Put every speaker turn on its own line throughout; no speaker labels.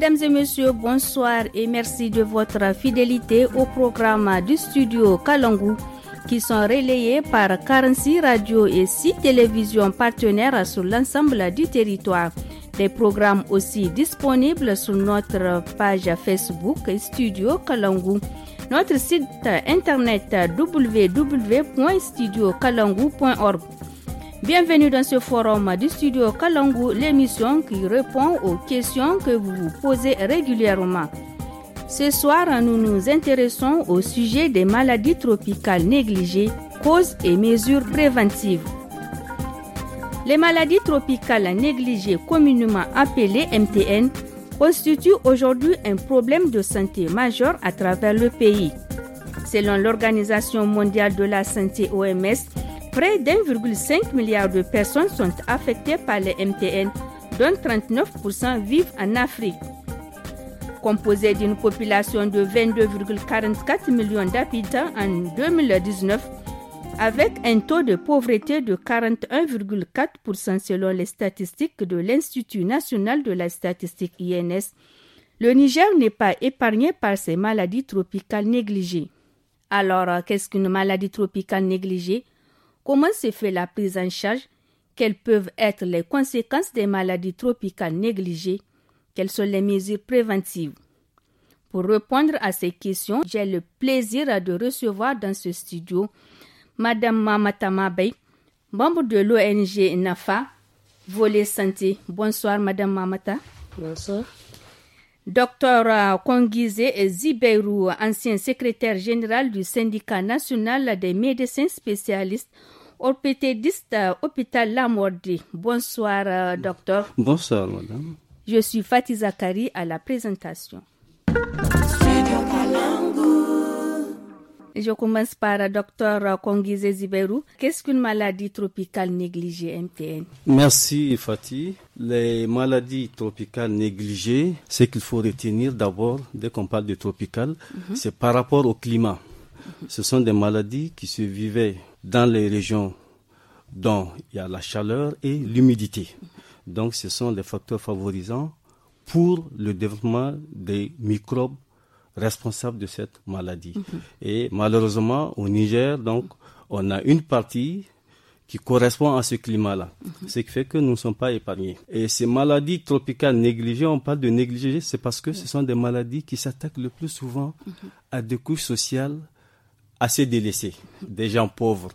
Mesdames et messieurs, bonsoir et merci de votre fidélité au programme du studio Kalangu qui sont relayés par 46 radios et 6 télévisions partenaires sur l'ensemble du territoire. Des programmes aussi disponibles sur notre page Facebook Studio Kalangu, notre site internet www.studioKalangou.org. Bienvenue dans ce forum du studio Kalangu, l'émission qui répond aux questions que vous vous posez régulièrement. Ce soir, nous nous intéressons au sujet des maladies tropicales négligées, causes et mesures préventives. Les maladies tropicales négligées, communément appelées MTN, constituent aujourd'hui un problème de santé majeur à travers le pays. Selon l'Organisation mondiale de la santé OMS, Près d'1,5 milliard de personnes sont affectées par les MTN, dont 39% vivent en Afrique. Composé d'une population de 22,44 millions d'habitants en 2019, avec un taux de pauvreté de 41,4% selon les statistiques de l'Institut national de la statistique INS, le Niger n'est pas épargné par ces maladies tropicales négligées. Alors, euh, qu'est-ce qu'une maladie tropicale négligée comment se fait la prise en charge, quelles peuvent être les conséquences des maladies tropicales négligées, quelles sont les mesures préventives. Pour répondre à ces questions, j'ai le plaisir de recevoir dans ce studio Madame Mamata Mabey, membre de l'ONG NAFA, volet santé. Bonsoir Madame Mamata. Bonsoir. Docteur euh, Kongizé Zibeirou, ancien secrétaire général du syndicat national des médecins spécialistes orthopédiste euh, hôpital Lamordi. Bonsoir, euh, docteur.
Bonsoir, madame.
Je suis Fatih Zakari à la présentation. Je commence par euh, docteur Kongize Ziberou. Qu'est-ce qu'une maladie tropicale négligée MTN
Merci Fatih. Les maladies tropicales négligées, ce qu'il faut retenir d'abord dès qu'on parle de tropicales, mhm. c'est par rapport au climat. Ce sont des maladies qui se vivaient dans les régions dont il y a la chaleur et l'humidité. Donc ce sont les facteurs favorisants pour le développement des microbes responsables de cette maladie. Mhm. Et malheureusement, au Niger, donc, on a une partie qui correspond à ce climat-là, mhm. ce qui fait que nous ne sommes pas épargnés. Et ces maladies tropicales négligées, on parle de négligées, c'est parce que ce sont des maladies qui s'attaquent le plus souvent mhm. à des couches sociales assez délaissés, des gens pauvres.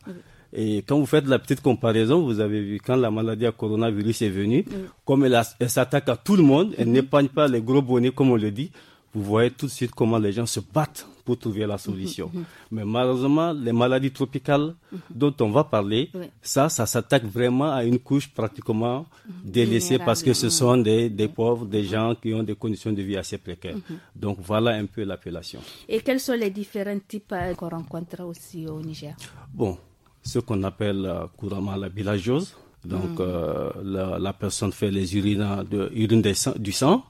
Et quand vous faites la petite comparaison, vous avez vu, quand la maladie à coronavirus est venue, mm. comme elle, elle s'attaque à tout le monde, elle n'épargne pas les gros bonnets, comme on le dit, vous voyez tout de suite comment les gens se battent pour trouver la solution. Mhm, mhm. Mais malheureusement, les maladies tropicales mhm. dont on va parler, ça, ça s'attaque vraiment à une couche pratiquement
délaissée parce que ce sont
des, des pauvres, des gens qui ont des conditions de vie assez précaires. Donc voilà un peu l'appellation.
Et quels sont les différents types euh, qu'on rencontre aussi au Niger
Bon, ce qu'on appelle euh, couramment la bilagose. Donc euh, la, personne fait les urines de, urine du sang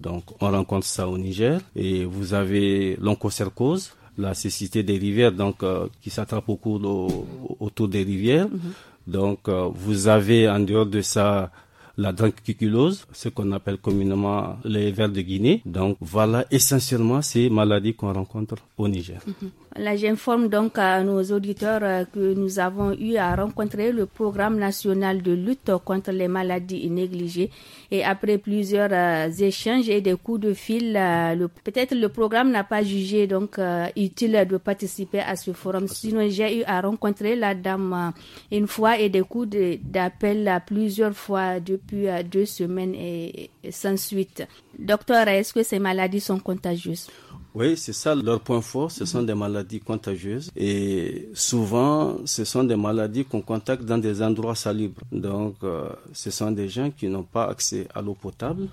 donc on rencontre ça au Niger. Et vous avez l'oncocercose, la cécité des rivières, donc euh, qui s'attrape au cours autour des rivières. Mhm. Donc euh, vous avez en dehors de ça la dranciculose, ce qu'on appelle communément les vers de Guinée. Donc voilà essentiellement ces maladies qu'on rencontre au Niger.
Mhm. Là, j'informe donc à nos auditeurs euh, que nous avons eu à rencontrer le programme national de lutte contre les maladies négligées. Et après plusieurs euh, échanges et des coups de fil, euh, peut-être le programme n'a pas jugé donc utile de participer à ce forum. Sinon, j'ai eu à rencontrer la dame une fois et des coups d'appel plusieurs fois depuis deux semaines et sans suite. Docteur, est-ce que ces maladies sont contagieuses?
Oui, c'est ça leur point fort. Ce sont des maladies contagieuses et souvent, ce sont des maladies qu'on contacte dans des endroits salubres. Donc, euh, ce sont des gens qui n'ont pas accès à l'eau potable.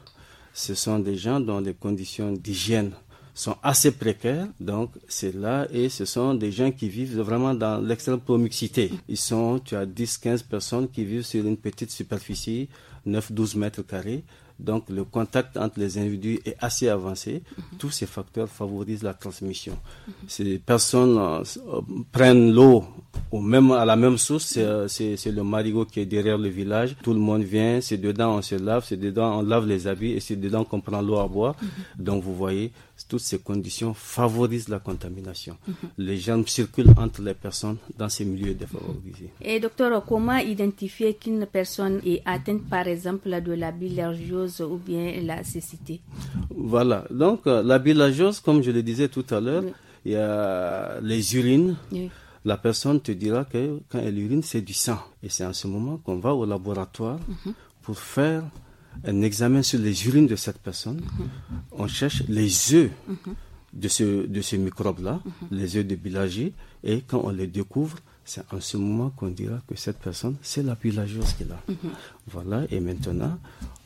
Ce sont des gens dont les conditions d'hygiène sont assez précaires. Donc, c'est là, et ce sont des gens qui vivent vraiment dans l'extrême promixité. Ils sont, tu as 10, 15 personnes qui vivent sur une petite superficie, 9, 12 mètres carrés. Donc le contact entre les individus est assez avancé. Tous ces facteurs favorisent la transmission. Ces personnes euh, prennent l'eau au même, à la même source, euh, c'est le marigot qui est derrière le village. Tout le monde vient, c'est dedans on se lave, c'est dedans on lave les habits et c'est dedans qu'on prend l'eau à boire. Donc vous voyez, toutes ces conditions favorisent la contamination. Mhm. Les germes circulent entre les personnes dans ces milieux défavorisés.
Et docteur, comment identifier qu'une personne est atteinte par exemple de la bilharziose ou bien la cécité
Voilà, donc euh, la bilharziose, comme je le disais tout à l'heure, il y a les urines. La personne te dira que quand elle urine, c'est du sang. Et c'est en ce moment qu'on va au laboratoire mhm. pour faire un examen sur les urines de cette personne. Mhm. On cherche les œufs mhm. de ce, de microbe-là, mhm. les œufs de bilagie, et quand on les découvre, c'est en ce moment qu'on dira que cette personne, c'est la bilagieuse qu'il a. Voilà, et maintenant,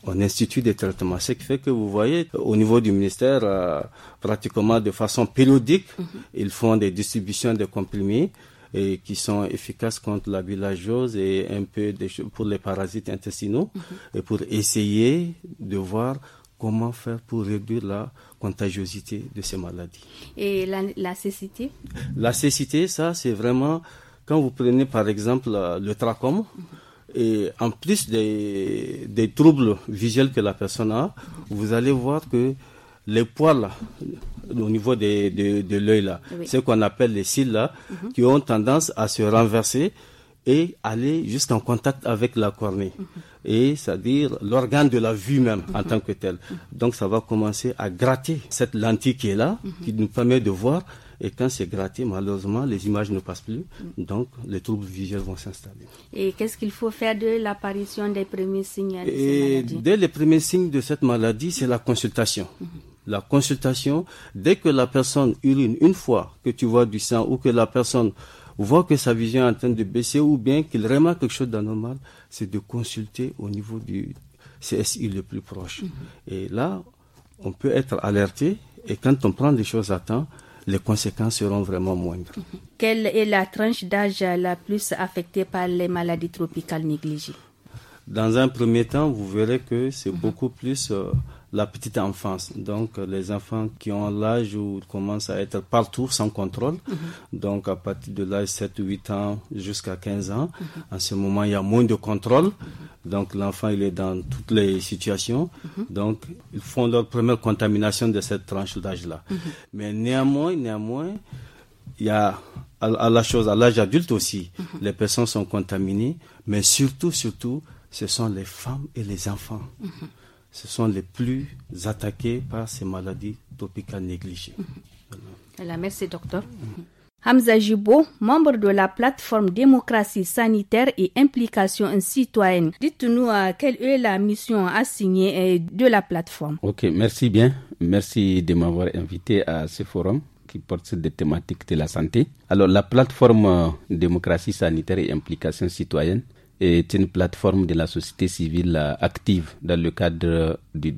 on institue des traitements. Ce qui fait que vous voyez, au niveau du ministère, euh, pratiquement de façon périodique, ils font des distributions de comprimés et qui sont efficaces contre la bilageuse et un peu pour les parasites intestinaux mhm. et pour essayer de voir comment faire pour réduire la contagiosité de ces maladies.
Et la, la cécité
La cécité, ça, c'est vraiment quand vous prenez par exemple euh, le trachome. Mhm. Et en plus des, des troubles visuels que la personne a, vous allez voir que les poils euh, au niveau de, de, l'œil là, ce qu'on appelle les cils là, mhm. qui ont tendance à se renverser et aller jusqu'en en contact avec la cornée. Mhm. Et c'est-à-dire l'organe de la vue même en mhm. tant que tel. Donc ça va commencer à gratter cette lentille qui est là, qui nous permet de voir. Et quand c'est gratté, malheureusement, les images ne passent plus. Donc, les troubles visuels vont s'installer.
Et qu'est-ce qu'il faut faire de l'apparition des premiers signes de cette maladie
Dès les premiers signes de cette maladie, c'est la consultation la consultation, dès que la personne urine une fois que tu vois du sang ou que la personne voit que sa vision est en train de baisser ou bien qu'il remarque quelque chose d'anormal, c'est de consulter au niveau du CSI le plus proche. Mhm. Et là, on peut être alerté et quand on prend les choses à temps, les conséquences seront vraiment moindres. Mhm.
Quelle est la tranche d'âge la plus affectée par les maladies tropicales négligées
Dans un premier temps, vous verrez que c'est mhm. beaucoup plus euh, la petite enfance. Donc, les enfants qui ont l'âge où ils commencent à être partout sans contrôle. Mhm. Donc, à partir de l'âge 7, 8 ans jusqu'à 15 ans, en mhm. ce moment, il y a moins de contrôle. Donc, l'enfant, il est dans toutes les situations. Mhm. Donc, ils font leur première contamination de cette tranche d'âge-là. Mais néanmoins, néanmoins, il y a à, la chose, à l'âge adulte aussi, les personnes sont contaminées, mais surtout, surtout, ce sont les femmes et les enfants ce sont les plus attaqués par ces maladies tropicales négligées.
Voilà. merci, docteur. Hamza Jibo, membre de la plateforme démocratie sanitaire et implication citoyenne. Dites-nous euh, quelle est la mission assignée euh, de la plateforme.
Ok, merci bien. Merci de m'avoir invité à ce forum qui porte sur des thématiques de la santé. Alors, la plateforme euh, démocratie sanitaire et implication citoyenne, est une plateforme de la société civile euh, active dans le cadre du,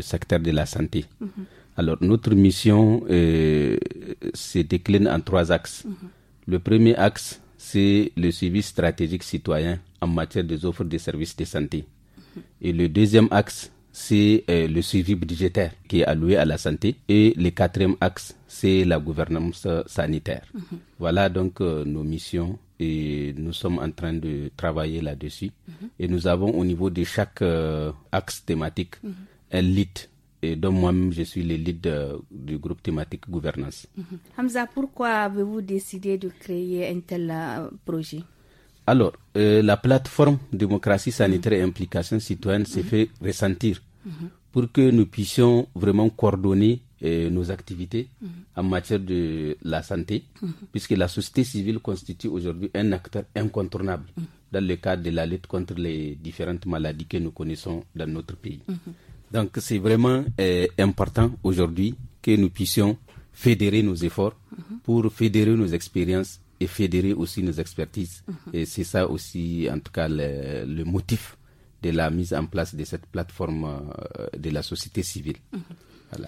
secteur de la santé. Mhm. Alors, notre mission euh, se décline en trois axes. Mhm. Le premier axe, c'est le suivi stratégique citoyen en matière des offres de services de santé. Mhm. Et le deuxième axe, c'est euh, le suivi budgétaire qui est alloué à la santé. Et le quatrième axe, c'est la gouvernance euh, sanitaire. Mhm. Voilà donc euh, nos missions et nous sommes en train de travailler là-dessus. Mhm. Et nous avons au niveau de chaque axe thématique mhm. un lead et donc moi-même, je suis le lead du groupe thématique gouvernance.
Hamza, pourquoi avez-vous décidé de créer un tel projet
Alors, la plateforme démocratie sanitaire et implication citoyenne s'est fait ressentir Mm-hmm. pour que nous puissions vraiment coordonner euh, nos activités mm-hmm. en matière de la santé, mm-hmm. puisque la société civile constitue aujourd'hui un acteur incontournable dans le cadre de la lutte contre les différentes maladies que nous connaissons dans notre pays. Donc c'est vraiment euh, important aujourd'hui que nous puissions fédérer nos efforts pour fédérer nos expériences et fédérer aussi nos expertises. Et c'est ça aussi, en tout cas, le motif de la mise en place de cette plateforme euh, de la société civile.
Mhm.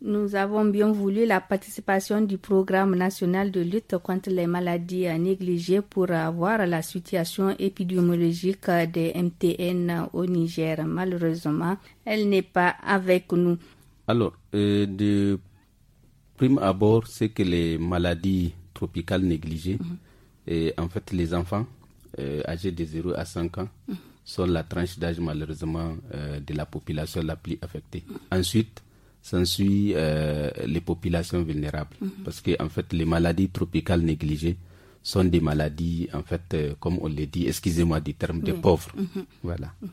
Nous avons bien voulu la participation du programme national de lutte contre les maladies négligées pour avoir la situation épidémiologique des MTN au Niger. Malheureusement, elle n'est pas avec nous.
Alors, euh, de prime abord, c'est que les maladies tropicales négligées, mhm. et en fait, les enfants euh, âgés de 0 à 5 ans, mhm sont la tranche d'âge malheureusement euh, de la population la plus affectée. Ensuite, s'ensuit euh, les populations vulnérables mhm. parce que en fait les maladies tropicales négligées sont des maladies en fait euh, comme on le dit excusez-moi du terme des pauvres mhm. voilà
mhm.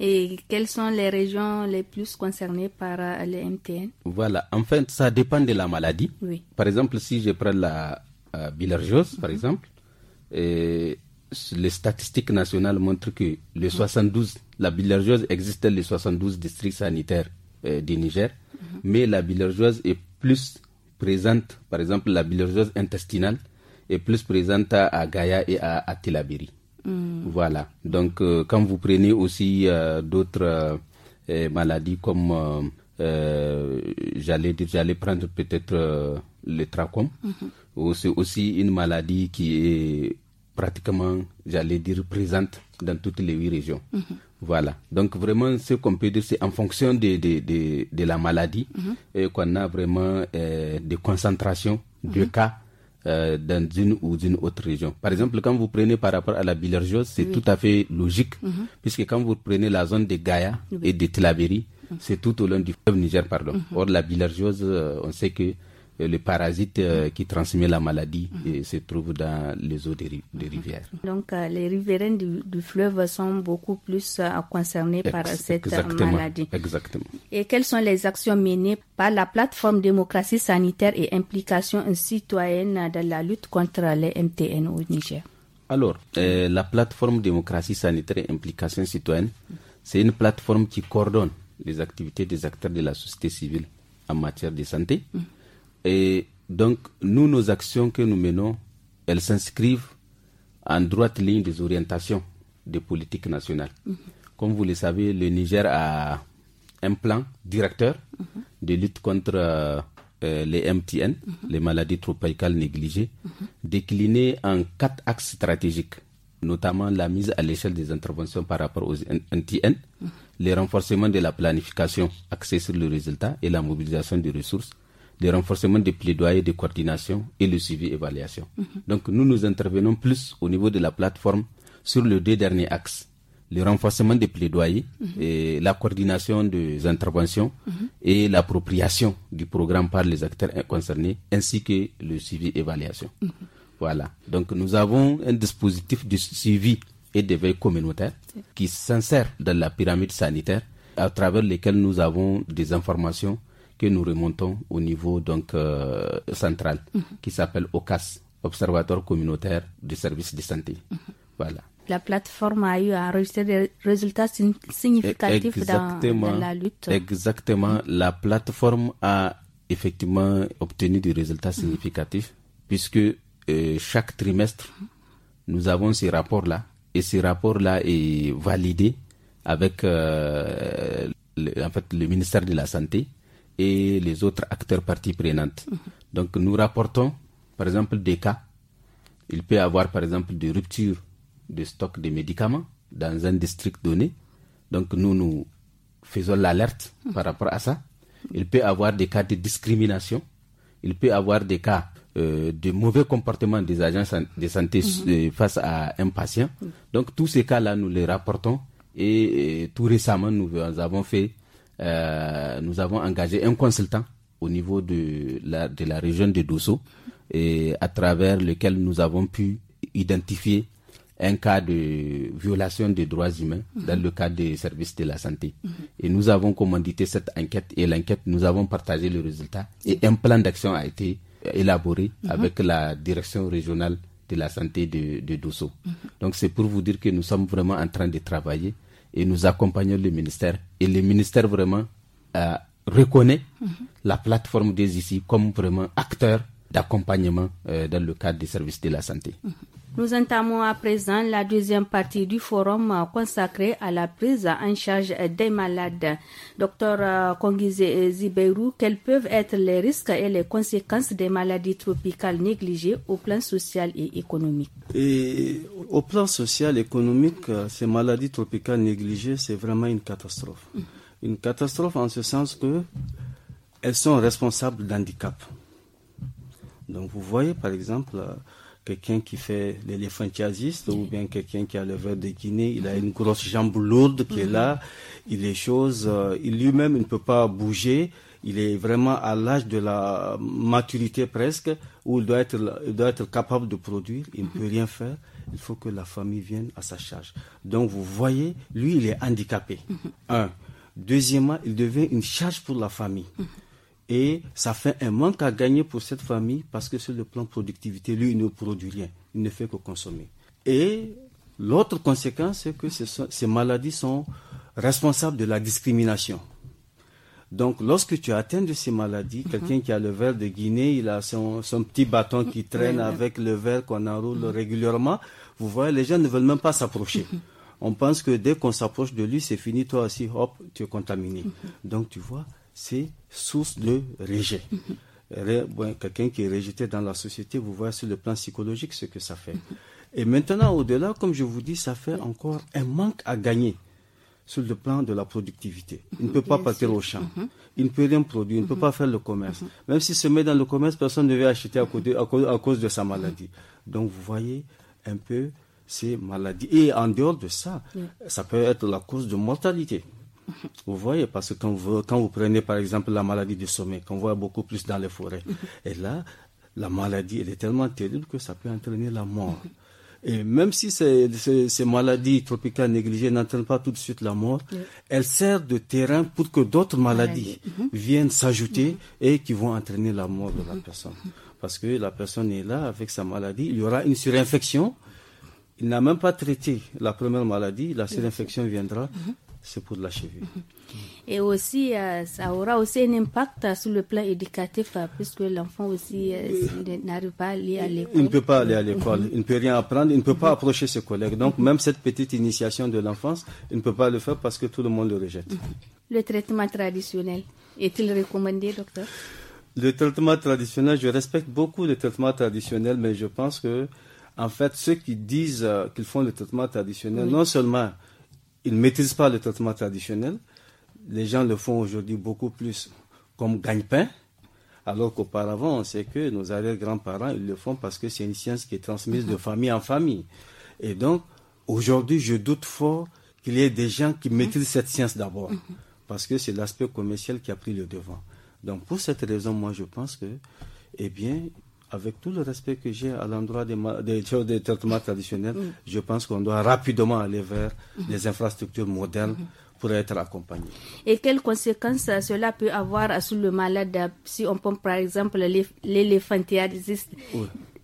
et quelles sont les régions les plus concernées par les MTN
voilà en fait ça dépend de la maladie par exemple si je prends la bilharziose par exemple et les statistiques nationales montrent que les 72, la bilharziose existe dans les 72 districts sanitaires euh, du Niger, mhm. mais la bilharziose est plus présente, par exemple la bilharziose intestinale est plus présente à, Gaïa et à, à mm. Voilà. Donc euh, quand vous prenez aussi euh, d'autres maladies comme j'allais j'allais prendre peut-être le trachome, mhm. c'est aussi une maladie qui est pratiquement, j'allais dire, présente dans toutes les huit régions. Mhm. Voilà. Donc vraiment, ce qu'on peut dire, c'est en fonction de, de, la maladie mhm. euh, qu'on a vraiment euh, des concentrations de mhm. cas euh, dans une ou une autre région. Par exemple, quand vous prenez par rapport à la bilharziose, c'est tout à fait logique, puisque quand vous prenez la zone de Gaïa et de Tlaveri, c'est tout au long du fleuve Niger, pardon. Or, la bilharziose, on sait que euh, le parasite euh, qui transmet la maladie et se trouve dans les eaux des, rivières.
Donc euh, les riverains du, fleuve sont beaucoup plus concernés par cette maladie. Exactement. Et quelles sont les actions menées par la plateforme démocratie sanitaire et implication citoyenne dans la lutte contre les MTN au Niger
Alors, la plateforme démocratie sanitaire et implication citoyenne, c'est une plateforme qui coordonne les activités des acteurs de la société civile en matière de santé. Mm. Et donc, nous, nos actions que nous menons, elles s'inscrivent en droite ligne des orientations des politiques nationales. Mhm. Comme vous le savez, le Niger a un plan directeur mhm. de lutte contre euh, les MTN, mhm. les maladies tropicales négligées, décliné en quatre axes stratégiques, notamment la mise à l'échelle des interventions par rapport aux MTN, le renforcement de la planification axée sur le résultat et la mobilisation des ressources, le renforcement des plaidoyers de coordination et le suivi évaluation. Mhm. Donc nous nous intervenons plus au niveau de la plateforme sur les deux derniers axes le renforcement des plaidoyers, mhm. et la coordination des interventions mhm. et l'appropriation du programme par les acteurs concernés, ainsi que le suivi évaluation. Voilà. Donc nous avons un dispositif de suivi et de communautaire qui s'insère dans la pyramide sanitaire à travers lesquels nous avons des informations que nous remontons au niveau donc euh, central, mhm. qui s'appelle OCAS, Observatoire communautaire du service de santé. Mhm. Voilà.
La plateforme a eu à enregistrer des résultats significatifs dans, la lutte.
Exactement. La plateforme a effectivement obtenu des résultats mhm. significatifs, puisque euh, chaque trimestre, nous avons ces rapports-là. Et ces rapports-là est validé avec euh, en fait, le ministère de la Santé et les autres acteurs parties prenantes. Mhm. Donc nous rapportons, par exemple, des cas. Il peut y avoir, par exemple, des ruptures de stock de médicaments dans un district donné. Donc nous, nous faisons l'alerte mhm. par rapport à ça. Il peut y avoir des cas de discrimination. Il peut y avoir des cas euh, de mauvais comportement des agents de santé mhm. euh, face à un patient. Donc tous ces cas-là, nous les rapportons. et tout récemment, nous avons fait euh, nous avons engagé un consultant au niveau de la, de la région de Dosso, et à travers lequel nous avons pu identifier un cas de violation des droits humains dans le cadre des services de la santé. Mhm. Et nous avons commandité cette enquête et l'enquête, nous avons partagé le résultat et un plan d'action a été élaboré mhm. avec la direction régionale de la santé de, de Dosso. Mhm. Donc c'est pour vous dire que nous sommes vraiment en train de travailler et nous accompagnons le ministère. Et le ministère vraiment euh, reconnaît mhm. la plateforme des ICI comme vraiment acteur d'accompagnement euh, dans le cadre des services de la santé. Mhm.
Nous entamons à présent la deuxième partie du forum euh, consacré à la prise en charge des malades. Docteur euh, Kongize Zibeirou, quels peuvent être les risques et les conséquences des maladies tropicales négligées au plan social et économique
Au plan social et économique, euh, ces maladies tropicales négligées, c'est vraiment une catastrophe. Mm-hmm. Une catastrophe en ce sens que elles sont responsables d'handicap. Donc vous voyez par exemple quelqu'un qui fait l'éléphantiasiste ou bien quelqu'un qui a le verre de Guinée, il a une grosse jambe lourde qui est là, mhm. il est chose, euh, il lui-même il ne peut pas bouger, il est vraiment à l'âge de la maturité presque où il doit être, il doit être capable de produire, il ne peut rien faire, il faut que la famille vienne à sa charge. Donc vous voyez, lui il est handicapé. Mhm. Un. Deuxièmement, il devient une charge pour la famille. Mhm. Et ça fait un manque à gagner pour cette famille parce que sur le plan productivité, lui, il ne produit rien. Il ne fait que consommer. Et l'autre conséquence, c'est que ces maladies sont responsables de la discrimination. Donc, lorsque tu atteins de ces maladies, mhm. quelqu'un qui a le verre de Guinée, il a son, petit bâton qui traîne avec le verre qu'on enroule mhm. régulièrement, vous voyez, les gens ne veulent même pas s'approcher. Mhm. On pense que dès qu'on s'approche de lui, c'est fini, toi aussi, hop, tu es contaminé. Donc, tu vois, c'est source de rejet. Quelqu'un qui est rejeté dans la société, vous voyez sur le plan psychologique ce que ça fait. Et maintenant, au-delà, comme je vous dis, ça fait encore un manque à gagner sur le plan de la productivité. Il ne peut pas partir au champ. Mhm. Il ne peut rien produire. Il ne peut mhm. pas faire le commerce. Mhm. Même s'il se met dans le commerce, personne ne veut acheter à cause, de sa maladie. Donc, vous voyez un peu ces maladies. Et en dehors de ça, ça peut être la cause de mortalité. Vous voyez, parce que quand vous, quand vous prenez par exemple la maladie du sommeil, qu'on voit beaucoup plus dans les forêts, et là, la maladie, elle est tellement terrible que ça peut entraîner la mort. Et même si ces, ces, maladies tropicales négligées n'entraînent pas tout de suite la mort, elles servent de terrain pour que d'autres maladies mhm. viennent s'ajouter mhm. et qui vont entraîner la mort de la mhm. personne. Parce que la personne est là avec sa maladie, il y aura une surinfection. Il n'a même pas traité la première maladie, la surinfection viendra c'est pour cheville.
Et aussi, euh, ça aura aussi un impact sur le plan éducatif, euh, puisque l'enfant aussi euh, n'arrive pas à aller à l'école. Il
ne peut pas aller à l'école, mhm. il ne peut rien apprendre, il ne peut pas mhm. approcher ses collègues. Donc, même cette petite initiation de l'enfance, il ne peut pas le faire parce que tout le monde le rejette.
Mhm. Le traitement traditionnel, est-il recommandé, docteur
Le traitement traditionnel, je respecte beaucoup le traitement traditionnel, mais je pense que, en fait, ceux qui disent qu'ils font le traitement traditionnel, non seulement ils ne maîtrisent pas le traitement traditionnel. Les gens le font aujourd'hui beaucoup plus comme gagne-pain, alors qu'auparavant, on sait que nos arrière-grands-parents, ils le font parce que c'est une science qui est transmise de mhm. famille en famille. Et donc, aujourd'hui, je doute fort qu'il y ait des gens qui maîtrisent cette science d'abord, mhm. parce que c'est l'aspect commercial qui a pris le devant. Donc, pour cette raison, moi, je pense que, eh bien, avec tout le respect que j'ai à l'endroit des, des, traitements traditionnels, mm. je pense qu'on doit rapidement aller vers mm-hmm. les infrastructures modernes mm-hmm. pour être accompagné.
Et quelles conséquences cela peut avoir sur le malade si on prend par exemple l'éléphantiasis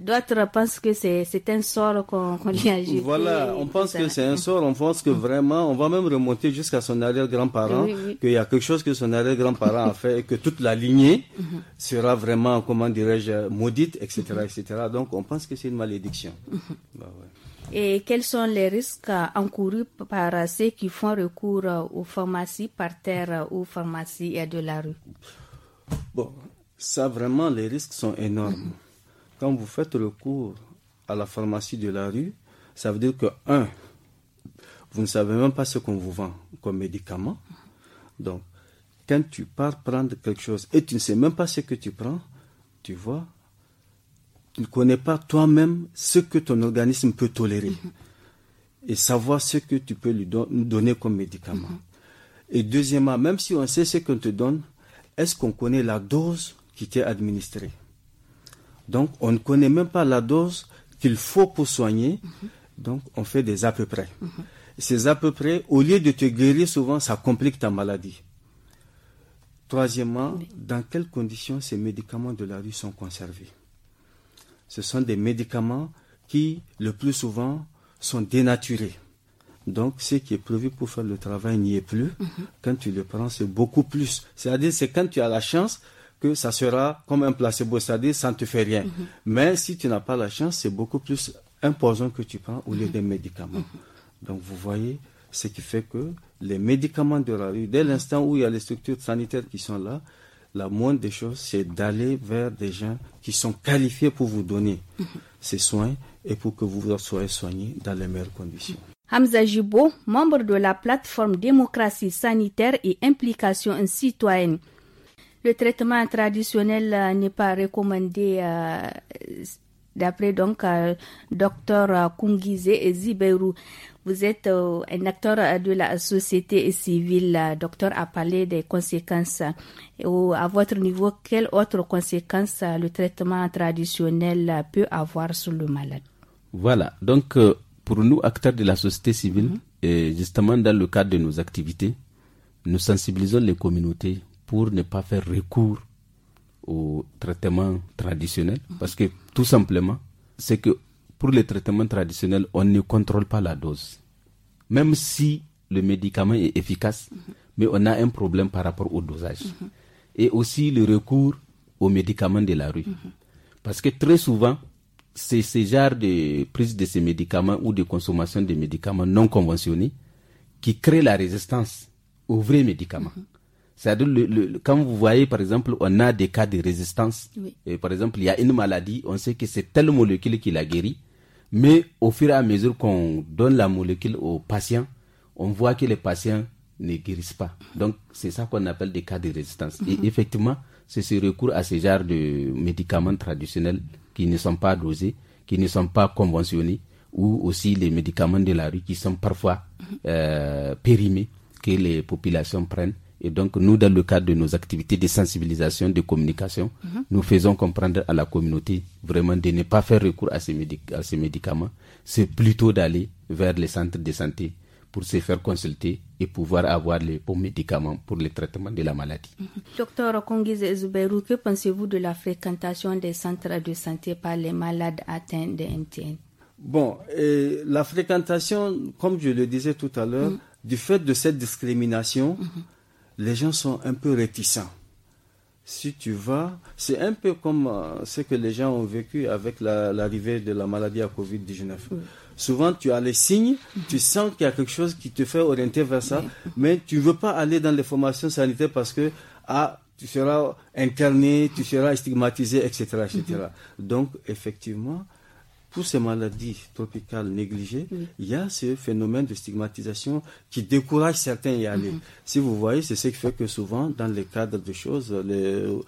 D'autres pensent que c'est un sort qu'on qu lui a Voilà, on pense que
c'est un sort, on pense que vraiment, on va même remonter jusqu'à son arrière-grand-parent, qu'il y a quelque chose que son arrière-grand-parent a fait et que toute la lignée mhm. sera vraiment, comment dirais-je, maudite, etc., etc. Donc on pense que c'est une malédiction. Mhm. Bah
et quels sont les risques encourus par ceux qui font recours aux pharmacies par terre ou pharmacies de la rue
Bon, ça vraiment, les risques sont énormes quand vous faites le cours à la pharmacie de la rue, ça veut dire que, un, vous ne savez même pas ce qu'on vous vend comme médicament. Donc, quand tu pars prendre quelque chose et tu ne sais même pas ce que tu prends, tu vois, tu ne connais pas toi-même ce que ton organisme peut tolérer mhm. et savoir ce que tu peux lui donner comme médicament. Mhm. Et deuxièmement, même si on sait ce qu'on te donne, est-ce qu'on connaît la dose qui t'est administrée donc, on ne connaît même pas la dose qu'il faut pour soigner. Donc, on fait des à peu près. Ces à peu près, au lieu de te guérir, souvent, ça complique ta maladie. Troisièmement, dans quelles conditions ces médicaments de la rue sont conservés Ce sont des médicaments qui, le plus souvent, sont dénaturés. Donc, ce qui est prévu pour faire le travail n'y est plus. Mhm. Quand tu le prends, c'est beaucoup plus. C'est-à-dire, c'est quand tu as la chance que ça sera comme un placebo, c'est-à-dire ça ne te fait rien. Mhm. Mais si tu n'as pas la chance, c'est beaucoup plus imposant que tu prends au lieu mhm. des médicaments. Mhm. Donc vous voyez, ce qui fait que les médicaments de la rue, dès l'instant où il y a les structures sanitaires qui sont là, la moindre des choses, c'est d'aller vers des gens qui sont qualifiés pour vous donner ces soins et pour que vous soyez soigné dans les meilleures conditions.
Hamza Jibo, membre de la plateforme démocratie sanitaire et implication citoyenne le traitement traditionnel euh, n'est pas recommandé euh, d'après donc euh, docteur euh, Kungize Ziberu. Vous êtes un acteur de la société civile. Docteur a parlé des conséquences. à votre niveau, quelles autres conséquences le traitement traditionnel peut avoir sur le malade
Voilà. Donc, pour nous, acteurs de la société civile, mm-hmm. et justement dans le cadre de nos activités, nous sensibilisons les communautés pour ne pas faire recours au traitement traditionnel. Parce que tout simplement, c'est que pour les traitements traditionnels, on ne contrôle pas la dose. Même si le médicament est efficace, mais on a un problème par rapport au dosage. Et aussi le recours aux médicaments de la rue. Parce que très souvent, c'est ce genre de prise de ces médicaments ou de consommation de médicaments non conventionnés qui crée la résistance aux vrais médicaments. C'est-à-dire, le, quand vous voyez, par exemple, on a des cas de résistance. Et par exemple, il y a une maladie, on sait que c'est telle molécule qui la guérit, mais au fur et à mesure qu'on donne la molécule aux patients, on voit que les patients ne guérissent pas. Donc, c'est ça qu'on appelle des cas de résistance. Et mhm. effectivement, c'est ce recours à ces genres de médicaments traditionnels qui ne sont pas dosés, qui ne sont pas conventionnés, ou aussi les médicaments de la rue qui sont parfois mhm. euh, périmés, que les populations prennent et donc, nous, dans le cadre de nos activités de sensibilisation, de communication, mhm. nous faisons comprendre à la communauté vraiment de ne pas faire recours à ces, médicaments. C'est plutôt d'aller vers les centres de santé pour se faire consulter et pouvoir avoir les bons médicaments pour le traitement de la maladie.
Mhm. Docteur Kongiz Zuberu, que pensez-vous de la fréquentation des centres de santé par les malades atteints de MTN
Bon, la fréquentation, comme je le disais tout à l'heure, mhm. du fait de cette discrimination, les gens sont un peu réticents. Si tu vas, c'est un peu comme euh, ce que les gens ont vécu avec l'arrivée de la maladie à Covid-19. Souvent, tu as les signes, tu sens qu'il y a quelque chose qui te fait orienter vers ça, mais tu ne veux pas aller dans les formations sanitaires parce que ah, tu seras interné, tu seras stigmatisé, etc. etc. Mm-hmm. Donc, effectivement, pour ces maladies tropicales négligées, il y a ce phénomène de stigmatisation qui décourage certains à y aller. Mhm. Si vous voyez, c'est ce qui fait que souvent, dans les cadres de choses, de,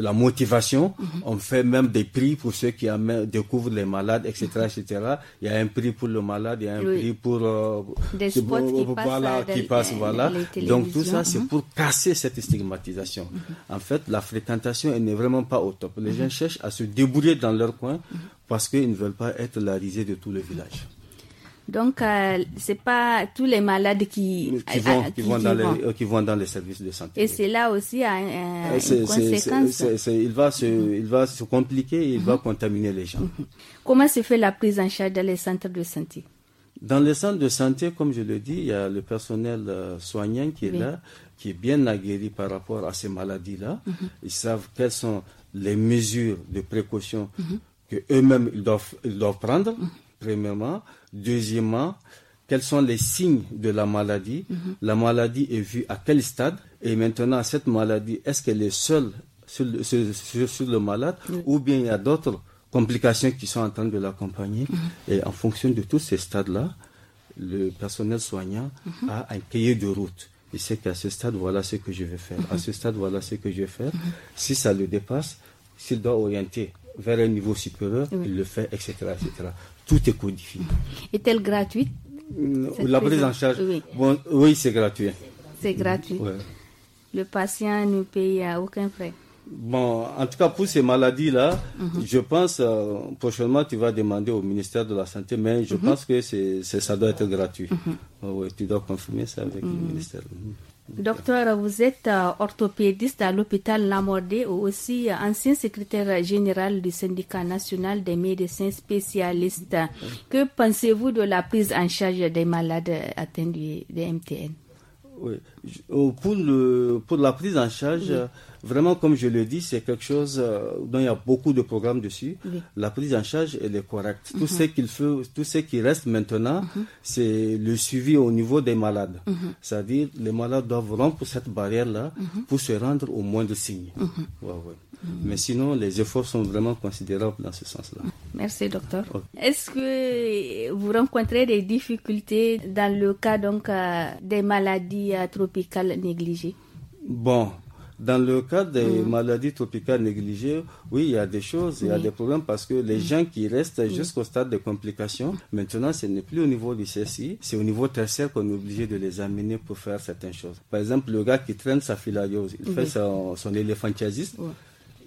la motivation, mhm. on fait même des prix pour ceux qui découvrent les malades, etc., etc. Mhm. Il y a un prix pour le malade, il y a un prix pour... Euh, des qui, passent voilà, qui passe voilà. Donc tout ça, c'est pour casser cette stigmatisation. En fait, la fréquentation, elle n'est vraiment pas au top. Les gens cherchent à se débrouiller dans leur coin parce qu'ils ne veulent pas être la risée de tout le village.
Donc, euh, ce n'est pas tous les malades qui, vont, vont,
dans Les, services de santé.
Et c'est là aussi hein, euh, une conséquence.
il, va se, compliquer il va contaminer les gens.
Comment se fait la prise en charge dans les centres de santé
Dans les centres de santé, comme je le dis, il y a le personnel euh, soignant qui est là, qui est bien aguerri par rapport à ces maladies-là. Mhm. Ils savent quelles sont les mesures de précaution mhm queux mêmes ils doivent, doivent prendre, premièrement. Deuxièmement, quels sont les signes de la maladie La maladie est vue à quel stade Et maintenant, cette maladie, est-ce qu'elle est seule sur le, malade ou bien il y a d'autres complications qui sont en train de l'accompagner mhm. Et en fonction de tous ces stades-là, le personnel soignant mhm. a un cahier de route. Il sait qu'à ce stade, voilà ce que je vais faire. À mhm. ce stade, voilà ce que je vais faire. Si ça le dépasse, s'il doit orienter vers un niveau supérieur, il le fait, etc., etc. Tout est codifié.
Est-elle gratuite mm, La prise en charge
Oui, c'est gratuit.
C'est gratuit. Le patient ne paye à aucun frais.
Bon, en tout cas, pour ces maladies-là, mhm. je pense, euh, prochainement, tu vas demander au ministère de la Santé, mais je mhm. pense que ça doit être gratuit. Mhm. oui, tu dois confirmer ça avec le ministère.
Docteur, vous êtes euh, orthopédiste à l'hôpital Lamordé, aussi euh, ancien secrétaire général du syndicat national des médecins spécialistes. Que pensez-vous de la prise en charge des malades atteints du, MTN
oui. Pour, le, pour la prise en charge, vraiment, comme je le dis, c'est quelque chose euh, dont il y a beaucoup de programmes dessus. La prise en charge, elle est correcte. Tout, mhm. ce qu'il faut, tout ce qui reste maintenant, mhm. c'est le suivi au niveau des malades. Mhm. C'est-à-dire, les malades doivent rompre cette barrière-là pour se rendre au moins de Ouais, mais sinon, les efforts sont vraiment considérables dans ce sens-là.
Merci, docteur. Est-ce que vous rencontrez des difficultés dans le cas donc, euh, des maladies euh, tropicales négligées
Bon, dans le cas des mm. maladies tropicales négligées, oui, il y a des choses, il y a des problèmes parce que les mm. gens qui restent mm. jusqu'au stade de complications, maintenant, ce n'est plus au niveau du CSI, c'est au niveau tertiaire qu'on est obligé de les amener pour faire certaines choses. Par exemple, le gars qui traîne sa filariose, il fait son, son éléphantiasis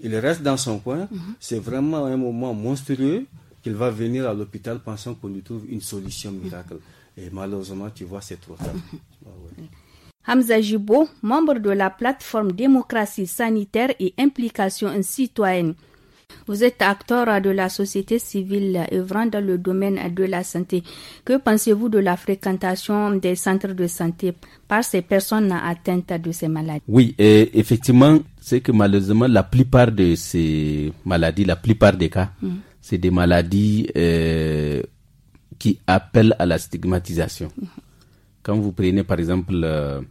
il reste dans son coin. Mhm. C'est vraiment un moment monstrueux qu'il va venir à l'hôpital pensant qu'on lui trouve une solution miracle. Et malheureusement, tu vois, c'est trop tard.
Mhm. Ah Hamza Jibo, membre de la plateforme démocratie sanitaire et implication citoyenne. Vous êtes acteur de la société civile œuvrant dans le domaine de la santé. Que pensez-vous de la fréquentation des centres de santé par ces personnes atteintes de ces maladies
Oui, effectivement, c'est que malheureusement, la plupart de ces maladies, la plupart des cas, mm. c'est des maladies euh, qui appellent à la stigmatisation. Mm. Quand vous prenez par exemple euh,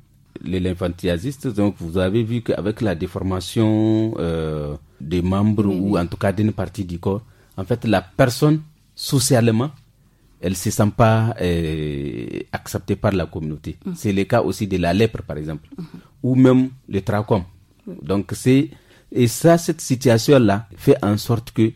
les lymphantiasistes, donc vous avez vu qu'avec la déformation euh, des membres mm. ou en tout cas d'une partie du corps, en fait, la personne socialement, elle ne se sent pas acceptée par la communauté. C'est le cas aussi de la lèpre, par exemple, ou même le trachome donc c'est et ça cette situation là fait en sorte que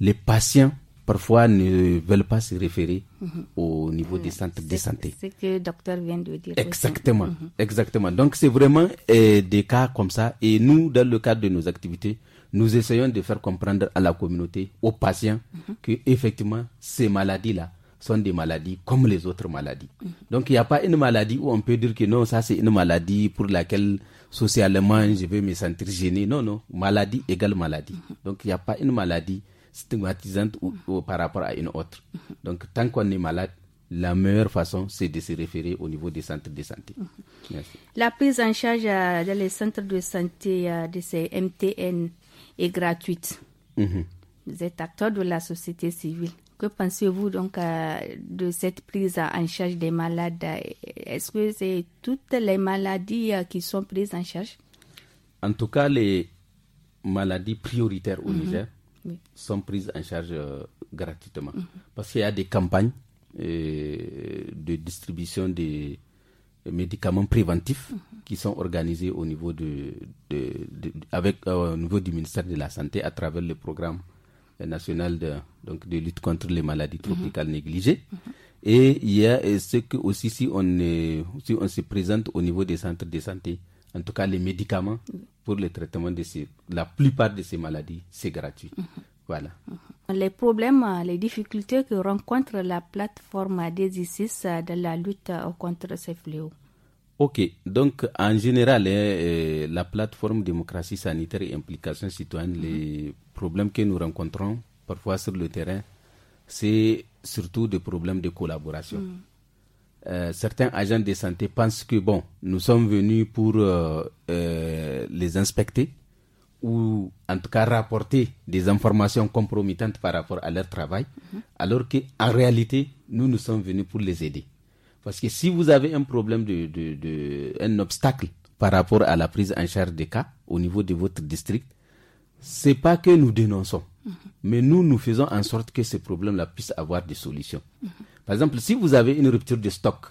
les patients parfois ne veulent pas se référer mhm. au niveau des centres de santé.
C'est ce que le docteur vient de dire. Exactement, mhm.
exactement. Donc c'est vraiment eh, des cas comme ça. Et nous, dans le cadre de nos activités, nous essayons de faire comprendre à la communauté, aux patients, mhm. que effectivement ces maladies-là sont des maladies comme les autres maladies. Donc il n'y a pas une maladie où on peut dire que non, ça c'est une maladie pour laquelle socialement, je vais me sentir gêné. Non, non. Maladie égale maladie. Donc, il n'y a pas une maladie stigmatisante ou, par rapport à une autre. Donc, tant qu'on est malade, la meilleure façon, c'est de se référer au niveau des centres de santé.
La prise en charge euh, dans les centres de santé euh, de ces MTN est gratuite. Mhm. Vous êtes acteur de la société civile. Que pensez-vous donc euh, de cette prise en charge des malades Est-ce que c'est toutes les maladies euh, qui sont prises en charge
En tout cas, les maladies prioritaires au mhm. Niger sont prises en charge euh, gratuitement. Mhm. Parce qu'il y a des campagnes de distribution des médicaments préventifs mhm. qui sont organisées au niveau de avec au niveau du ministère de la santé à travers le programme nationale de, donc de lutte contre les maladies mhm. tropicales négligées. Et il y a ce que aussi, si on, si on se présente au niveau des centres de santé, en tout cas les médicaments pour le traitement de la plupart de ces maladies, c'est gratuit. Mhm. Voilà.
Mhm. Les problèmes, les difficultés que rencontre la plateforme des ISIS dans la lutte contre ces fléaux.
Ok, donc en général, hein, euh, la plateforme démocratie sanitaire et implication citoyenne, les problèmes que nous rencontrons parfois sur le terrain, c'est surtout des problèmes de collaboration. Mm. Euh, certains agents de santé pensent que bon, nous sommes venus pour euh, les inspecter ou en tout cas rapporter des informations compromettantes par rapport à leur travail, mm-hmm. alors qu'en réalité, nous nous sommes venus pour les aider. Parce que si vous avez un problème, de, un obstacle par rapport à la prise en charge des cas au niveau de votre district, c'est pas que nous dénonçons, mhm. mais nous, nous faisons en sorte que ces problèmes-là puissent avoir des solutions. Mhm. Par exemple, si vous avez une rupture de stock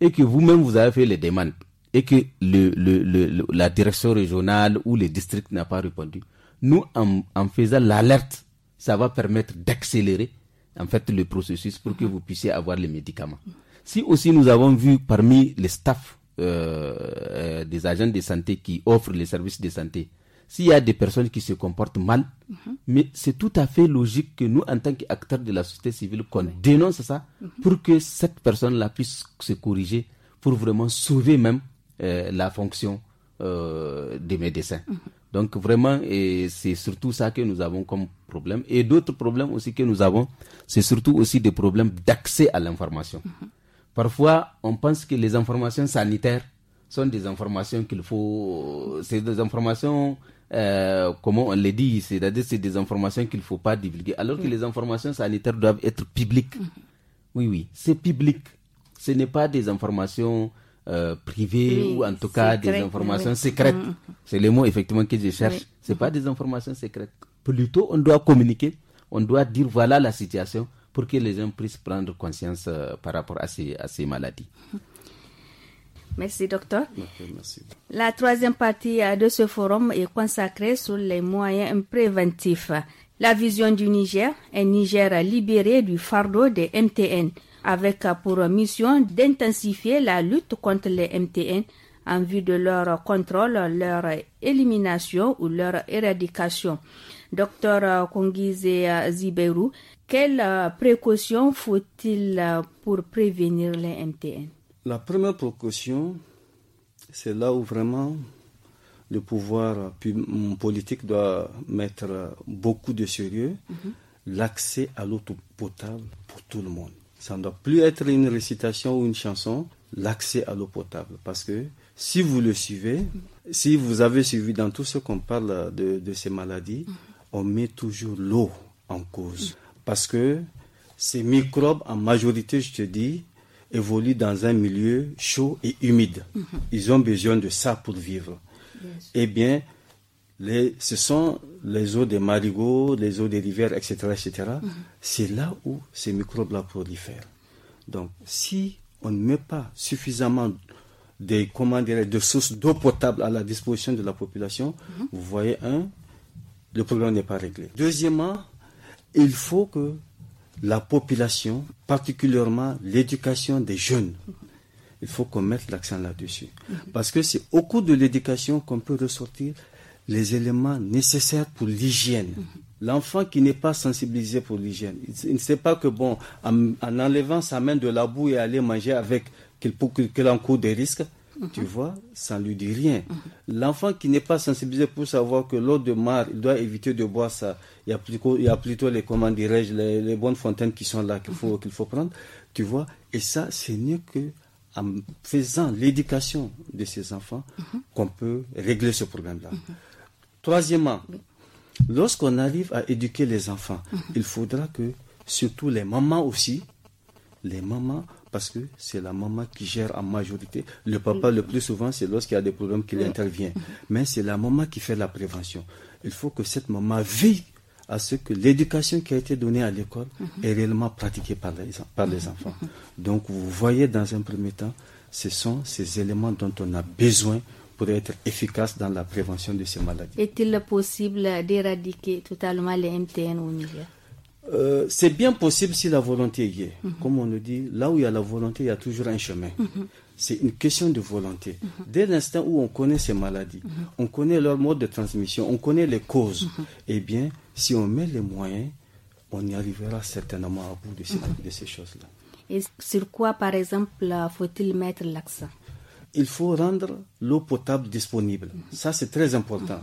et que vous-même, vous avez fait les demandes et que la direction régionale ou le district n'a pas répondu, nous, en, en faisant l'alerte, ça va permettre d'accélérer en fait le processus pour que mhm. vous puissiez avoir les médicaments. Si aussi nous avons vu parmi les staffs euh, euh, des agents de santé qui offrent les services de santé, s'il y a des personnes qui se comportent mal, mhm. mais c'est tout à fait logique que nous, en tant qu'acteurs de la société civile, qu'on dénonce ça mhm. pour que cette personne-là puisse se corriger, pour vraiment sauver même euh, la fonction des médecins. Mhm. Donc vraiment, c'est surtout ça que nous avons comme problème. Et d'autres problèmes aussi que nous avons, c'est surtout aussi des problèmes d'accès à l'information. Parfois, on pense que les informations sanitaires sont des informations qu'il faut. C'est des informations, euh, comment on les dit, c'est-à-dire c'est des informations qu'il ne faut pas divulguer, alors que les informations sanitaires doivent être publiques. Mhm. Oui, oui, c'est public. Ce n'est pas des informations euh, privées ou en tout cas des informations secrètes. Mhm. C'est le mot effectivement que je cherche. C'est Ce n'est pas des informations secrètes. Plutôt, on doit communiquer, on doit dire voilà la situation, pour que les gens puissent prendre conscience euh, par rapport à ces, à ces maladies.
Merci, docteur. La troisième partie euh, de ce forum est consacrée sur les moyens préventifs. La vision du Niger, un Niger libéré du fardeau des MTN, avec euh, pour mission d'intensifier la lutte contre les MTN en vue de leur contrôle, leur élimination ou leur éradication. Docteur Kongize Ziberu, quelles euh, précautions faut-il euh, pour prévenir les MTN
La première précaution, c'est là où vraiment le pouvoir euh, mm, politique doit mettre beaucoup de sérieux, mhm. l'accès à l'eau potable pour tout le monde. Ça ne doit plus être une récitation ou une chanson, l'accès à l'eau potable. Parce que si vous le suivez, si vous avez suivi dans tout ce qu'on parle de, ces maladies, mhm. on met toujours l'eau en cause. Parce que ces microbes, en majorité, je te dis, évoluent dans un milieu chaud et humide. Mhm. Ils ont besoin de ça pour vivre. Eh bien, ce sont les eaux des marigots, les eaux des rivières, etc. etc. Mhm. C'est là où ces microbes-là prolifèrent. Donc, si on ne met pas suffisamment des, comment de sources d'eau potable à la disposition de la population, mhm. vous voyez, un, hein, le problème n'est pas réglé. Deuxièmement, il faut que la population, particulièrement l'éducation des jeunes, il faut qu'on mette l'accent là-dessus. Mhm. Parce que c'est au cours de l'éducation qu'on peut ressortir les éléments nécessaires pour l'hygiène. Mhm. L'enfant qui n'est pas sensibilisé pour l'hygiène, il ne sait pas que, bon, en, enlevant sa main de la boue et aller manger avec, qu'il qu encourt des risques. Tu vois, ça lui dit rien. L'enfant qui n'est pas sensibilisé pour savoir que l'eau de mar, il doit éviter de boire ça. Il y a plutôt, les, comment dirais-je, les, bonnes fontaines qui sont là qu'il faut, prendre. Tu vois, et ça, c'est mieux que en faisant l'éducation de ces enfants qu'on peut régler ce problème-là. Troisièmement, lorsqu'on arrive à éduquer les enfants, il faudra que, surtout les mamans aussi, les mamans parce que c'est la maman qui gère en majorité. Le papa, le plus souvent, c'est lorsqu'il y a des problèmes qu'il mm. intervient. Mais c'est la maman qui fait la prévention. Il faut que cette maman veille à ce que l'éducation qui a été donnée à l'école mm-hmm. est réellement pratiquée par les, par les mm-hmm. enfants. Mm-hmm. Donc vous voyez dans un premier temps, ce sont ces éléments dont on a besoin pour être efficace dans la prévention de ces maladies.
Est-il possible d'éradiquer totalement les MTN au milieu
euh, c'est bien possible si la volonté y est. Mhm. Comme on nous dit, là où il y a la volonté, il y a toujours un chemin. Mhm. C'est une question de volonté. Mhm. Dès l'instant où on connaît ces maladies, on connaît leur mode de transmission, on connaît les causes, eh bien, si on met les moyens, on y arrivera certainement à bout de ces, ces choses-là.
Et sur quoi, par exemple, faut-il mettre l'accent
Il faut rendre l'eau potable disponible. Ça, c'est très important.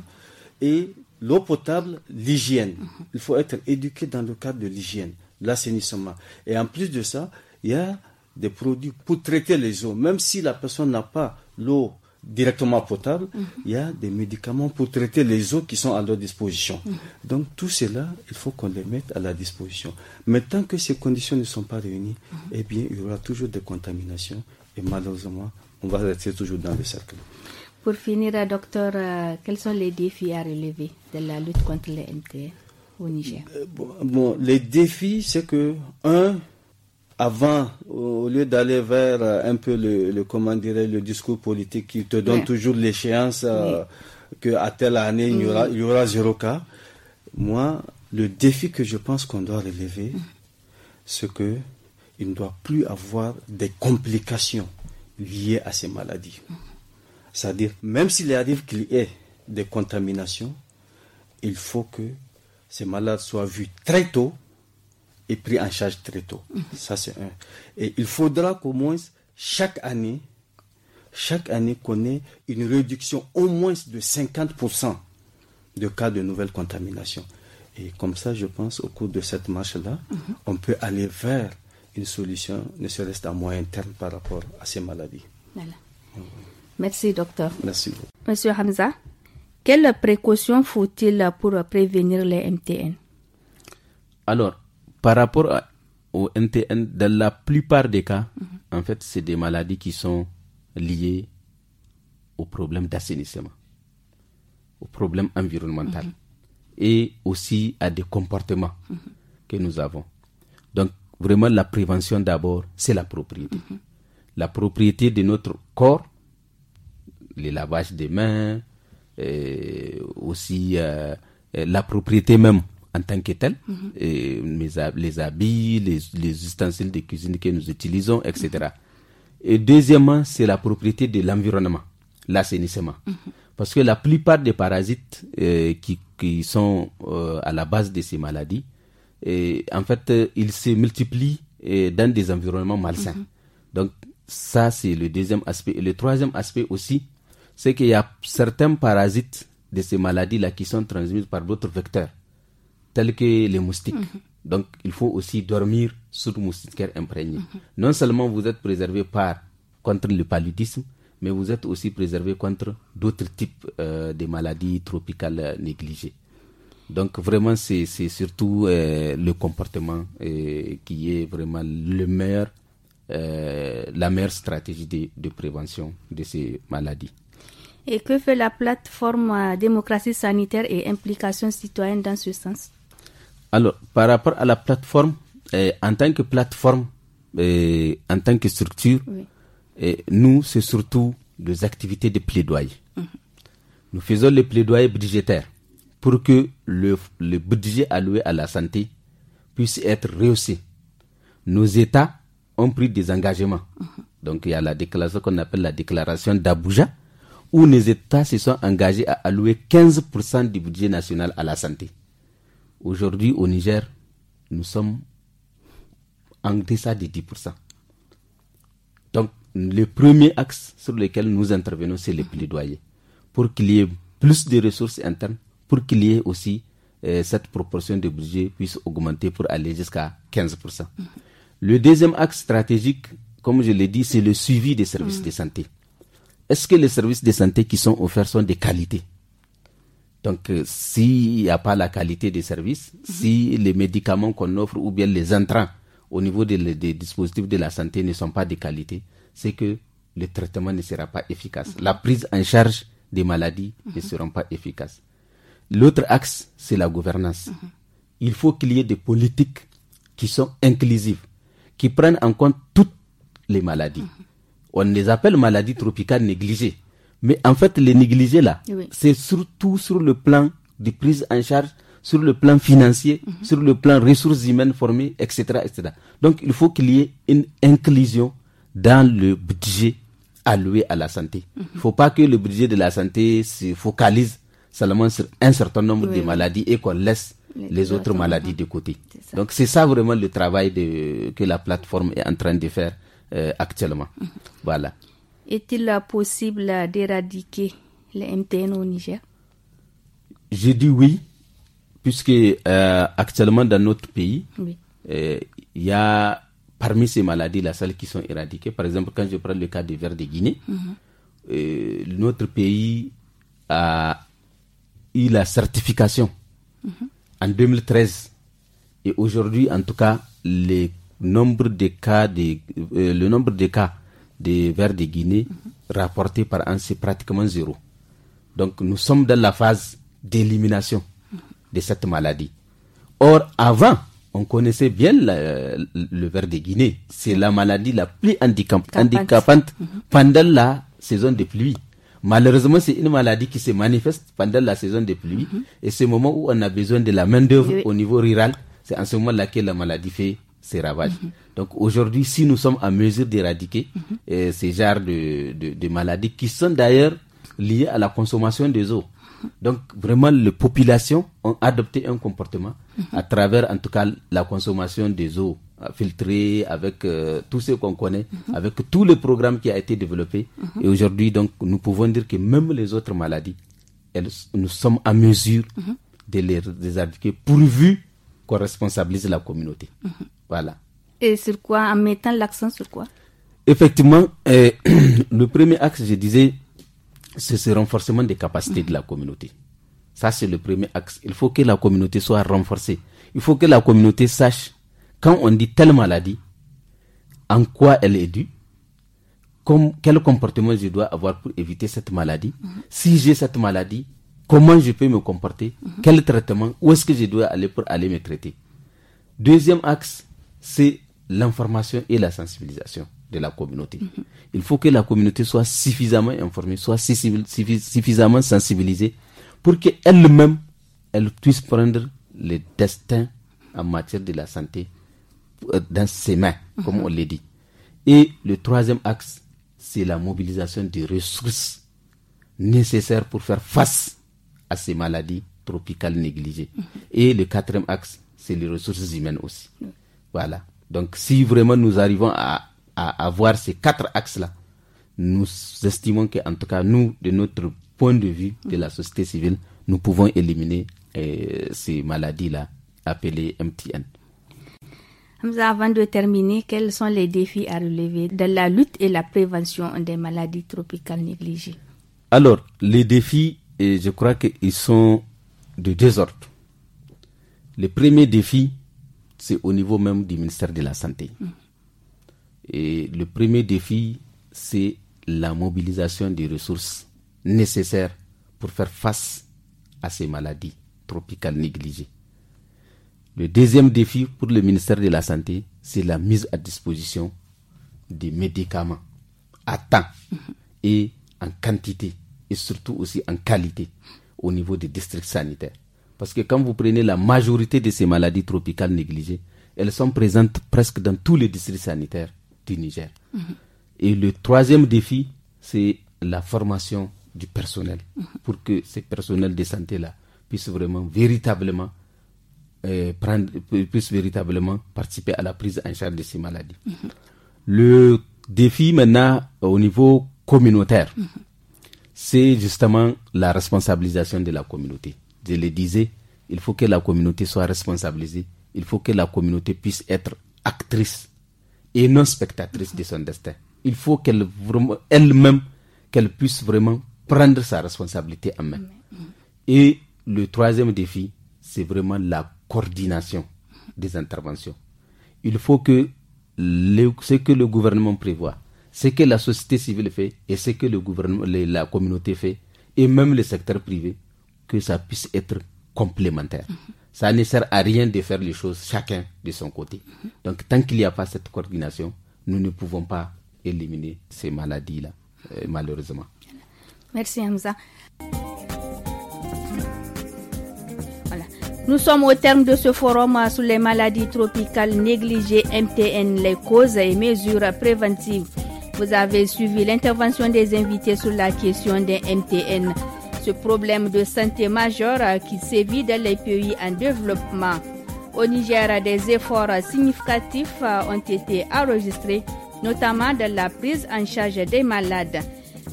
Et l'eau potable, l'hygiène. Mhm. Il faut être éduqué dans le cadre de l'hygiène, l'assainissement. Et en plus de ça, il y a des produits pour traiter les eaux. Même si la personne n'a pas l'eau directement potable, mhm. il y a des médicaments pour traiter les eaux qui sont à leur disposition. Mhm. Donc tout cela, il faut qu'on les mette à la disposition. Mais tant que ces conditions ne sont pas réunies, eh bien, il y aura toujours des contaminations et malheureusement, on va rester toujours dans le cercle.
Pour finir, euh, docteur, euh, quels sont les défis à relever de la lutte contre les NT au Niger euh,
bon, les défis, c'est que, un, avant, au lieu d'aller vers un peu le, comment dirait, le discours politique qui te donne toujours l'échéance qu'à telle année, mm. il, y aura, zéro cas, moi, le défi que je pense qu'on doit relever, mm. c'est qu'il ne doit plus avoir des complications liées à ces maladies. Mm. C'est-à-dire, même s'il arrive qu'il y ait des contaminations, il faut que ces malades soient vus très tôt et pris en charge très tôt. Ça, c'est un. Et il faudra qu'au moins, chaque année, chaque année qu'on ait une réduction au moins de 50% de cas de nouvelles contaminations. Et comme ça, je pense, au cours de cette marche-là, mhm. on peut aller vers une solution, ne serait-ce à moyen terme, par rapport à ces maladies.
Merci, docteur. Merci. Monsieur Hamza, quelles précautions faut-il pour prévenir les MTN
Alors, par rapport aux MTN, dans la plupart des cas, mhm. en fait, c'est des maladies qui sont liées aux problèmes d'assainissement, aux problèmes environnemental mhm. et aussi à des comportements mhm. que nous avons. Donc, vraiment, la prévention d'abord, c'est la propriété. La propriété de notre corps les lavages des mains, aussi euh, la propriété même en tant que telle, mhm. et les habits, les, ustensiles de cuisine que nous utilisons, etc. Et deuxièmement, c'est la propriété de l'environnement, l'assainissement. Mhm. Parce que la plupart des parasites euh, qui, qui, sont euh, à la base de ces maladies, et, en fait, ils se multiplient dans des environnements malsains. Mhm. Donc, ça, c'est le deuxième aspect. Et le troisième aspect aussi, c'est qu'il y a certains parasites de ces maladies-là qui sont transmises par d'autres vecteurs, tels que les moustiques. Mhm. Donc, il faut aussi dormir le moustiquaire imprégné. Non seulement vous êtes préservé par, contre le paludisme, mais vous êtes aussi préservé contre d'autres types euh, de maladies tropicales négligées. Donc, vraiment, c'est surtout euh, le comportement euh, qui est vraiment le meilleur, la meilleure stratégie de prévention de ces maladies.
Et que fait la plateforme euh, démocratie sanitaire et implication citoyenne dans ce sens
Alors, par rapport à la plateforme, eh, en tant que plateforme, eh, en tant que structure, eh, nous, c'est surtout des activités de plaidoyer. Mhm. Nous faisons les plaidoyers budgétaires pour que le, le budget alloué à la santé puisse être rehaussé. Nos États ont pris des engagements. Mhm. Donc il y a la déclaration qu'on appelle la déclaration d'Abuja, où les États se sont engagés à allouer 15% du budget national à la santé. Aujourd'hui, au Niger, nous sommes en deçà de 10%. Donc, le premier axe sur lequel nous intervenons, c'est le plaidoyer. Pour qu'il y ait plus de ressources internes, pour qu'il y ait aussi euh, cette proportion de budget puisse augmenter pour aller jusqu'à 15%. Mm-hmm. Le deuxième axe stratégique, comme je l'ai dit, c'est le suivi des services mm. de santé est-ce que les services de santé qui sont offerts sont de qualité donc, euh, s'il n'y a pas la qualité des services, mhm. si les médicaments qu'on offre ou bien les entrants au niveau des, dispositifs de la santé ne sont pas de qualité, c'est que le traitement ne sera pas efficace. Mhm. La prise en charge des maladies ne mhm. sera pas efficace. L'autre axe, c'est la gouvernance. Il faut qu'il y ait des politiques qui sont inclusives, qui prennent en compte toutes les maladies on les appelle maladies tropicales négligées. Mais en fait, les négligées là, c'est surtout sur le plan de prise en charge, sur le plan financier, mhm. sur le plan ressources humaines formées, etc. etc. Donc il faut qu'il y ait une inclusion dans le budget alloué à la santé. Mhm. Il ne faut pas que le budget de la santé se focalise seulement sur un certain nombre de maladies et qu'on laisse les, autres maladies de côté. Donc c'est ça vraiment le travail que la plateforme est en train de faire. Euh, actuellement. Mhm. Voilà.
Est-il possible d'éradiquer les MTN au Niger
J'ai dit oui, puisque euh, actuellement dans notre pays, euh, il y a parmi ces maladies la celles qui sont éradiquées. Par exemple, quand je prends le cas du ver de Guinée, mhm. notre pays a eu la certification mhm. en 2013. Et aujourd'hui, en tout cas, les nombre de cas de, euh, le nombre de cas de vers de Guinée mhm. rapporté par an, c'est pratiquement zéro. Donc nous sommes dans la phase d'élimination de cette maladie. Or, avant, on connaissait bien le verre de Guinée. C'est la maladie la plus handicapante mhm. pendant la saison des pluies. Malheureusement, c'est une maladie qui se manifeste pendant la saison des pluies. Mhm. Et c'est le moment où on a besoin de la main-d'œuvre au niveau rural. C'est en ce moment-là que la maladie fait ces ravages. Donc aujourd'hui, si nous sommes en mesure d'éradiquer mhm. euh, ces genres de, de, maladies qui sont d'ailleurs liées à la consommation des eaux. Donc vraiment, les populations ont adopté un comportement mhm. à travers, en tout cas, la consommation des eaux filtrées avec euh, tout ce qu'on connaît, mhm. avec tout le programme qui a été développé. Et aujourd'hui, donc, nous pouvons dire que même les autres maladies, nous sommes en mesure de les éradiquer pourvu responsabiliser responsabilise la communauté. Mhm. Voilà.
Et sur quoi En mettant l'accent sur quoi
Effectivement, euh, le premier axe, je disais, c'est ce renforcement des capacités de la communauté. Ça, c'est le premier axe. Il faut que la communauté soit renforcée. Il faut que la communauté sache, quand on dit telle maladie, en quoi elle est due, comme, quel comportement je dois avoir pour éviter cette maladie. Mhm. Si j'ai cette maladie, Comment je peux me comporter mhm. Quel traitement Où est-ce que je dois aller pour aller me traiter Deuxième axe, c'est l'information et la sensibilisation de la communauté. Mhm. Il faut que la communauté soit suffisamment informée, soit suffisamment sensibilisée pour qu'elle-même, elle puisse prendre le destin en matière de la santé euh, dans ses mains, mhm. comme on l'a dit. Et le troisième axe, c'est la mobilisation des ressources nécessaires pour faire face à ces maladies tropicales négligées. Et le quatrième axe, c'est les ressources humaines aussi. Voilà. Donc si vraiment nous arrivons à, avoir ces quatre axes-là, nous estimons que, en tout cas, nous, de notre point de vue de la société civile, nous pouvons éliminer euh, ces maladies-là appelées MTN.
avant de terminer, quels sont les défis à relever dans la lutte et la prévention des maladies tropicales négligées
Alors, les défis, et je crois qu'ils sont de deux ordres. Le premier défi, c'est au niveau même du ministère de la Santé. Mm. Et le premier défi, c'est la mobilisation des ressources nécessaires pour faire face à ces maladies tropicales négligées. Le deuxième défi pour le ministère de la Santé, c'est la mise à disposition des médicaments à temps mm-hmm. et en quantité et surtout aussi en qualité au niveau des districts sanitaires. Parce que quand vous prenez la majorité de ces maladies tropicales négligées, elles sont présentes presque dans tous les districts sanitaires du Niger. Mm-hmm. Et le troisième défi, c'est la formation du personnel mm-hmm. pour que ces personnels de santé-là puissent vraiment véritablement euh, prendre, véritablement participer à la prise en charge de ces maladies. Mm-hmm. Le défi maintenant au niveau communautaire, c'est justement la responsabilisation de la communauté. Je le disais, il faut que la communauté soit responsabilisée, il faut que la communauté puisse être actrice et non spectatrice de son destin. Il faut qu'elle elle-même qu'elle puisse vraiment prendre sa responsabilité en main. Et le troisième défi, c'est vraiment la coordination des interventions. Il faut que ce que le gouvernement prévoit, ce que la société civile fait et ce que le gouvernement, la communauté fait, et même le secteur privé, que ça puisse être complémentaire. Mhm. Ça ne sert à rien de faire les choses chacun de son côté. Mhm. Donc tant qu'il n'y a pas cette coordination, nous ne pouvons pas éliminer ces maladies-là, euh, malheureusement.
Merci Hamza. Nous sommes au terme de ce forum sur les maladies tropicales négligées MTN, les causes et mesures préventives. Vous avez suivi l'intervention des invités sur la question des MTN, ce problème de santé majeur qui sévit dans les pays en développement. Au Niger, des efforts significatifs ont été enregistrés, notamment dans la prise en charge des malades.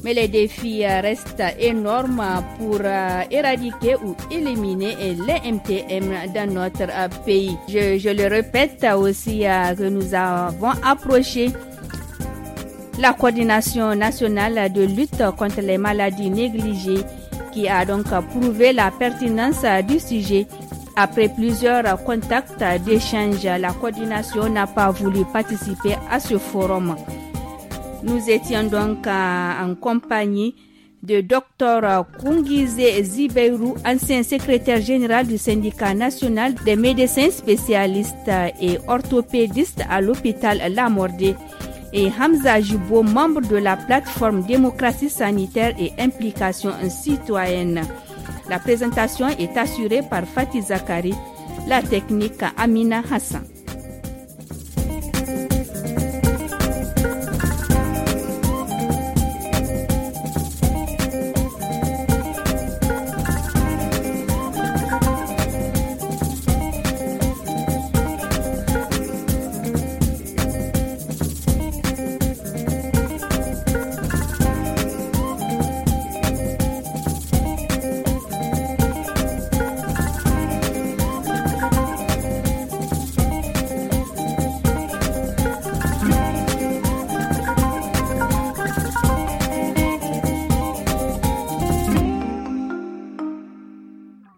Mais les défis restent énormes pour euh, éradiquer ou éliminer les MTM dans notre euh, pays. Je, je le répète aussi euh, que nous avons approché la coordination nationale de lutte contre les maladies négligées qui a donc prouvé la pertinence du sujet. Après plusieurs contacts d'échange, la coordination n'a pas voulu participer à ce forum. Nous étions donc euh, en compagnie de Dr Kungize Zibeirou, ancien secrétaire général du syndicat national des médecins spécialistes et orthopédistes à l'hôpital Lamordé et Hamza Jubo, membre de la plateforme Démocratie sanitaire et implication citoyenne. La présentation est assurée par Fatih Zakari, la technique Amina Hassan.